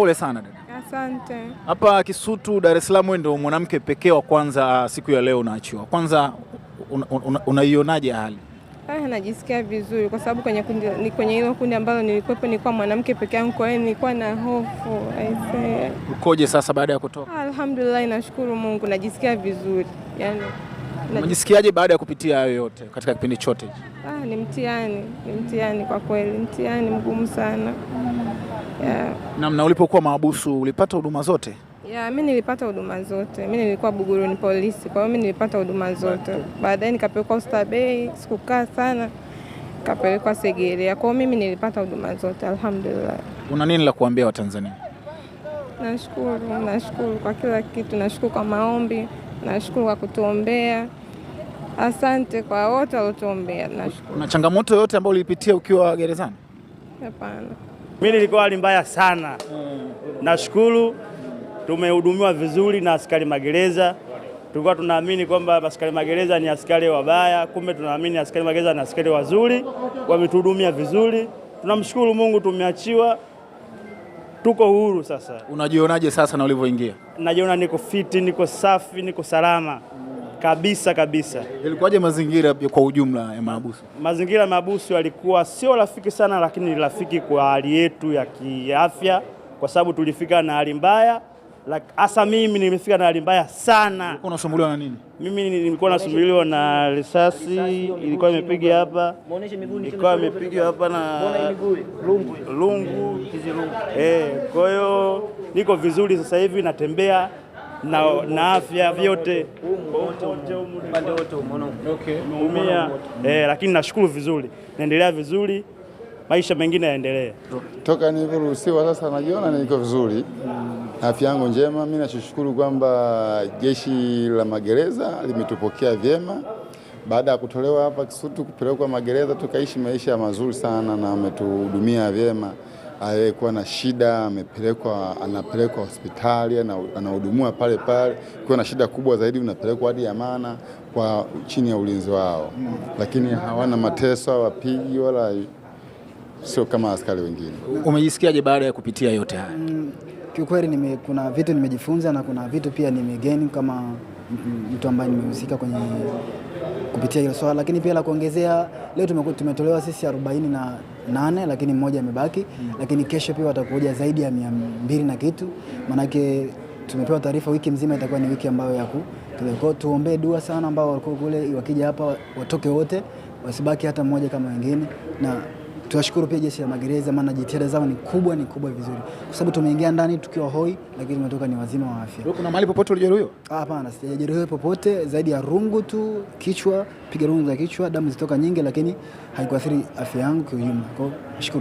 pole sana dada. Asante. Hapa Kisutu, Dar es Salaam, ndio mwanamke pekee wa kwanza ah, siku ya leo unaachiwa. Kwanza unaionaje hali? Ah, najisikia vizuri kwa sababu kwenye kundi, ni kwenye hilo kundi ambalo nilikuwepo nilikuwa mwanamke peke yangu, kwa hiyo nilikuwa na hofu. Ukoje sasa baada ya kutoka? Alhamdulillah, nashukuru Mungu, najisikia vizuri yani Unajisikiaje baada ya kupitia hayo yote katika kipindi chote? Ah, ni mtihani, ni mtihani kwa kweli, mtihani mgumu sana yeah. Namna ulipokuwa mahabusu ulipata huduma zote? Yeah, mi nilipata huduma zote. Mi nilikuwa Buguruni polisi, kwa hiyo mi nilipata huduma zote. Baadaye nikapelekwa Bay, sikukaa sana, nikapelekwa Segerea. Kwa hiyo mimi nilipata huduma zote, alhamdulillah. Una nini la kuambia Watanzania? Nashukuru, nashukuru kwa kila kitu, nashukuru kwa maombi, nashukuru kwa kutuombea. Asante kwa wote waliotuombea. Nashukuru. Kuna changamoto yote ambayo ulipitia ukiwa gerezani? Hapana. Mimi nilikuwa hali mbaya sana mm. Nashukuru tumehudumiwa vizuri na askari magereza. Tulikuwa tunaamini kwamba askari magereza ni askari wabaya, kumbe tunaamini askari magereza ni askari wazuri, wametuhudumia vizuri. Tunamshukuru Mungu, tumeachiwa, tuko huru sasa. Unajionaje sasa na ulivyoingia? Najiona niko fiti, niko safi, niko salama kabisa kabisa. Ilikuwaje mazingira kwa ujumla ya mahabusu? Mazingira ya mahabusu yalikuwa sio rafiki sana, lakini rafiki kwa hali yetu ya kiafya, kwa sababu tulifika na hali mbaya hasa like, mimi nimefika na hali mbaya sana. Unasumbuliwa na nini? Mimi nilikuwa nasumbuliwa na risasi, ilikuwa imepiga hapa, ilikuwa imepiga hapa na lungu, lungu. Eh, kwa hiyo niko vizuri sasa hivi natembea na, na afya vyote eh, lakini nashukuru vizuri, naendelea vizuri, maisha mengine yaendelee. Toka nilivyoruhusiwa sasa najiona niko vizuri, mm. afya yangu njema. Mimi nashukuru kwamba jeshi la magereza limetupokea vyema baada ya kutolewa hapa Kisutu kupelekwa magereza, tukaishi maisha mazuri sana na ametuhudumia vyema aliyekuwa na shida amepelekwa, anapelekwa hospitali, anahudumiwa pale pale. Ukiwa na shida kubwa zaidi, unapelekwa hadi Amana kwa chini ya ulinzi wao, lakini hawana mateso, hawapigi wala sio kama askari wengine. Umejisikiaje baada ya kupitia yote haya? Mm, kiukweli nime, kuna vitu nimejifunza na kuna vitu pia nimegeni kama mtu ambaye nimehusika kwenye kupitia hilo swala, lakini pia la kuongezea, leo tumetolewa sisi arobaini na nane lakini mmoja amebaki mm. Lakini kesho pia watakuja zaidi ya mia mbili na kitu, manake tumepewa taarifa wiki mzima itakuwa ni wiki ambayo ya ku tuombee dua sana, ambao walikuwa kule wakija hapa watoke wote, wasibaki hata mmoja kama wengine na Tunashukuru pia jeshi la magereza, maana jitihada zao ni kubwa, ni kubwa vizuri, kwa sababu tumeingia ndani tukiwa hoi, lakini tumetoka ni wazima wa afya. Wewe kuna mahali popote ulijeruhiwa? Hapana, sijajeruhiwa popote zaidi ya rungu tu, kichwa piga rungu za kichwa, damu zitoka nyingi, lakini haikuathiri afya yangu kiujumla. Kwa hiyo nashukuru.